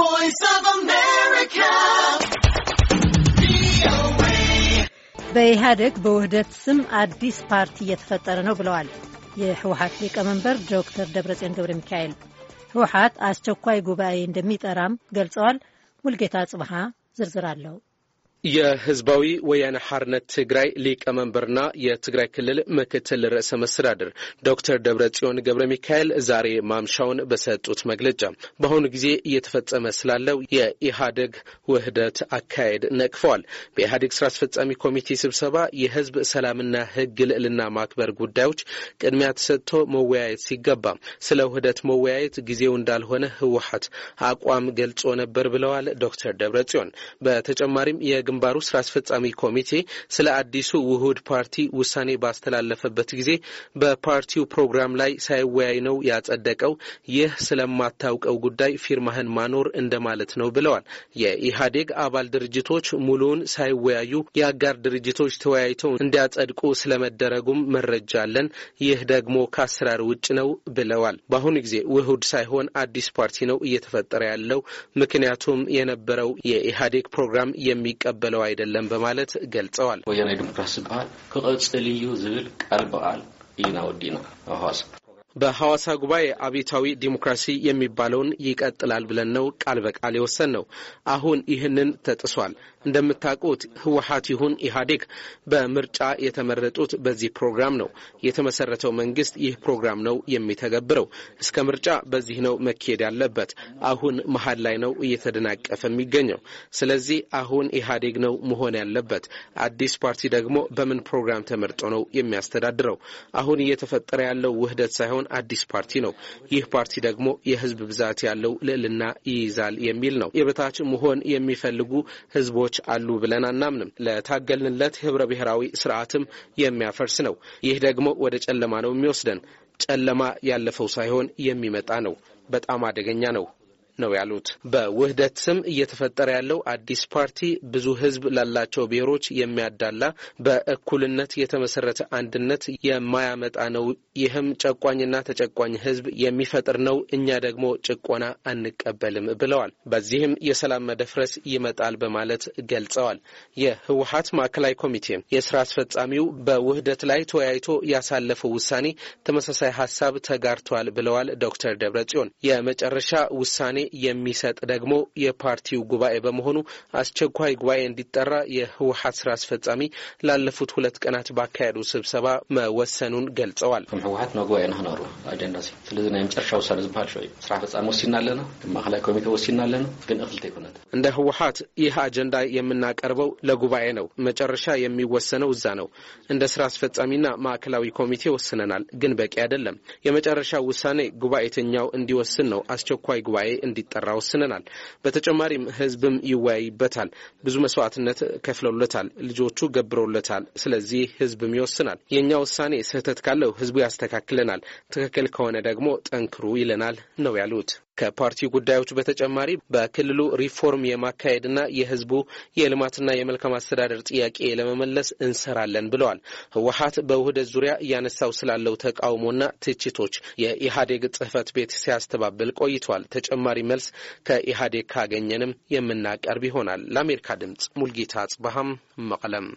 voice of America. በኢህአደግ በውህደት ስም አዲስ ፓርቲ እየተፈጠረ ነው ብለዋል የህወሀት ሊቀመንበር ዶክተር ደብረጽዮን ገብረ ሚካኤል። ህወሀት አስቸኳይ ጉባኤ እንደሚጠራም ገልጸዋል። ሙልጌታ ጽብሃ ዝርዝር አለው። የህዝባዊ ወያነ ሓርነት ትግራይ ሊቀመንበርና የትግራይ ክልል ምክትል ርዕሰ መስተዳድር ዶክተር ደብረ ጽዮን ገብረ ሚካኤል ዛሬ ማምሻውን በሰጡት መግለጫ በአሁኑ ጊዜ እየተፈጸመ ስላለው የኢህአዴግ ውህደት አካሄድ ነቅፈዋል። በኢህአዴግ ስራ አስፈጻሚ ኮሚቴ ስብሰባ የህዝብ ሰላምና ህግ ልዕልና ማክበር ጉዳዮች ቅድሚያ ተሰጥቶ መወያየት ሲገባ ስለ ውህደት መወያየት ጊዜው እንዳልሆነ ህወሓት አቋም ገልጾ ነበር ብለዋል ዶክተር ደብረ ጽዮን በተጨማሪም የግንባሩ ስራ አስፈጻሚ ኮሚቴ ስለ አዲሱ ውሁድ ፓርቲ ውሳኔ ባስተላለፈበት ጊዜ በፓርቲው ፕሮግራም ላይ ሳይወያይ ነው ያጸደቀው። ይህ ስለማታውቀው ጉዳይ ፊርማህን ማኖር እንደማለት ነው ብለዋል። የኢህአዴግ አባል ድርጅቶች ሙሉውን ሳይወያዩ የአጋር ድርጅቶች ተወያይተው እንዲያጸድቁ ስለመደረጉም መረጃ አለን። ይህ ደግሞ ከአሰራር ውጭ ነው ብለዋል። በአሁኑ ጊዜ ውሁድ ሳይሆን አዲስ ፓርቲ ነው እየተፈጠረ ያለው ምክንያቱም የነበረው የኢህአዴግ ፕሮግራም የሚቀበ የሚቀበለው አይደለም በማለት ገልጸዋል። ወያናዊ ዲሞክራሲ ዝበሃል ክቐጽል እዩ ዝብል ቃል በቃል ኢና ወዲና ኣዋሳ በሐዋሳ ጉባኤ አብዮታዊ ዲሞክራሲ የሚባለውን ይቀጥላል ብለን ነው ቃል በቃል የወሰን ነው። አሁን ይህንን ተጥሷል። እንደምታውቁት ህወሀት ይሁን ኢህአዴግ በምርጫ የተመረጡት በዚህ ፕሮግራም ነው። የተመሰረተው መንግስት ይህ ፕሮግራም ነው የሚተገብረው። እስከ ምርጫ በዚህ ነው መካሄድ ያለበት። አሁን መሀል ላይ ነው እየተደናቀፈ የሚገኘው። ስለዚህ አሁን ኢህአዴግ ነው መሆን ያለበት። አዲስ ፓርቲ ደግሞ በምን ፕሮግራም ተመርጦ ነው የሚያስተዳድረው? አሁን እየተፈጠረ ያለው ውህደት ሳይሆን አዲስ ፓርቲ ነው። ይህ ፓርቲ ደግሞ የህዝብ ብዛት ያለው ልዕልና ይይዛል የሚል ነው። የበታች መሆን የሚፈልጉ ህዝቦች ችግሮች አሉ ብለን አናምንም። ለታገልንለት ህብረ ብሔራዊ ስርዓትም የሚያፈርስ ነው። ይህ ደግሞ ወደ ጨለማ ነው የሚወስደን። ጨለማ ያለፈው ሳይሆን የሚመጣ ነው። በጣም አደገኛ ነው። ነው ያሉት። በውህደት ስም እየተፈጠረ ያለው አዲስ ፓርቲ ብዙ ህዝብ ላላቸው ብሔሮች የሚያዳላ በእኩልነት የተመሰረተ አንድነት የማያመጣ ነው። ይህም ጨቋኝና ተጨቋኝ ህዝብ የሚፈጥር ነው። እኛ ደግሞ ጭቆና አንቀበልም ብለዋል። በዚህም የሰላም መደፍረስ ይመጣል በማለት ገልጸዋል። የህወሀት ማዕከላዊ ኮሚቴ የስራ አስፈጻሚው በውህደት ላይ ተወያይቶ ያሳለፈው ውሳኔ ተመሳሳይ ሀሳብ ተጋርተዋል ብለዋል ዶክተር ደብረ ጽዮን የመጨረሻ ውሳኔ የሚሰጥ ደግሞ የፓርቲው ጉባኤ በመሆኑ አስቸኳይ ጉባኤ እንዲጠራ የህወሀት ስራ አስፈጻሚ ላለፉት ሁለት ቀናት ባካሄዱ ስብሰባ መወሰኑን ገልጸዋል። ከም ህወሀት ናብ ጉባኤ ንክነሩ አጀንዳ ስለዚ ናይ መጨረሻ ውሳኔ ዝበሃል ሸው እዩ ስራሕ ወሲና ኣለና ማእከላይ ኮሚቴ ወሲና ኣለና ግን እክልተ ይኩነት እንደ ህወሀት ይህ አጀንዳ የምናቀርበው ለጉባኤ ነው። መጨረሻ የሚወሰነው እዛ ነው። እንደ ስራ አስፈጻሚና ማዕከላዊ ኮሚቴ ወስነናል፣ ግን በቂ አይደለም። የመጨረሻ ውሳኔ ጉባኤተኛው እንዲወስን ነው። አስቸኳይ ጉባኤ እንዲጠራ ወስነናል። በተጨማሪም ህዝብም ይወያይበታል። ብዙ መስዋዕትነት ከፍለውለታል። ልጆቹ ገብረውለታል። ስለዚህ ህዝብም ይወስናል። የእኛ ውሳኔ ስህተት ካለው ህዝቡ ያስተካክለናል፣ ትክክል ከሆነ ደግሞ ጠንክሩ ይለናል ነው ያሉት። ከፓርቲ ጉዳዮች በተጨማሪ በክልሉ ሪፎርም የማካሄድና የህዝቡ የልማትና የመልካም አስተዳደር ጥያቄ ለመመለስ እንሰራለን ብለዋል። ህወሀት በውህደት ዙሪያ እያነሳው ስላለው ተቃውሞና ትችቶች የኢህአዴግ ጽህፈት ቤት ሲያስተባብል ቆይቷል። ተጨማሪ መልስ ከኢህአዴግ ካገኘንም የምናቀርብ ይሆናል። ለአሜሪካ ድምጽ ሙልጌታ አጽባሃም መቀለም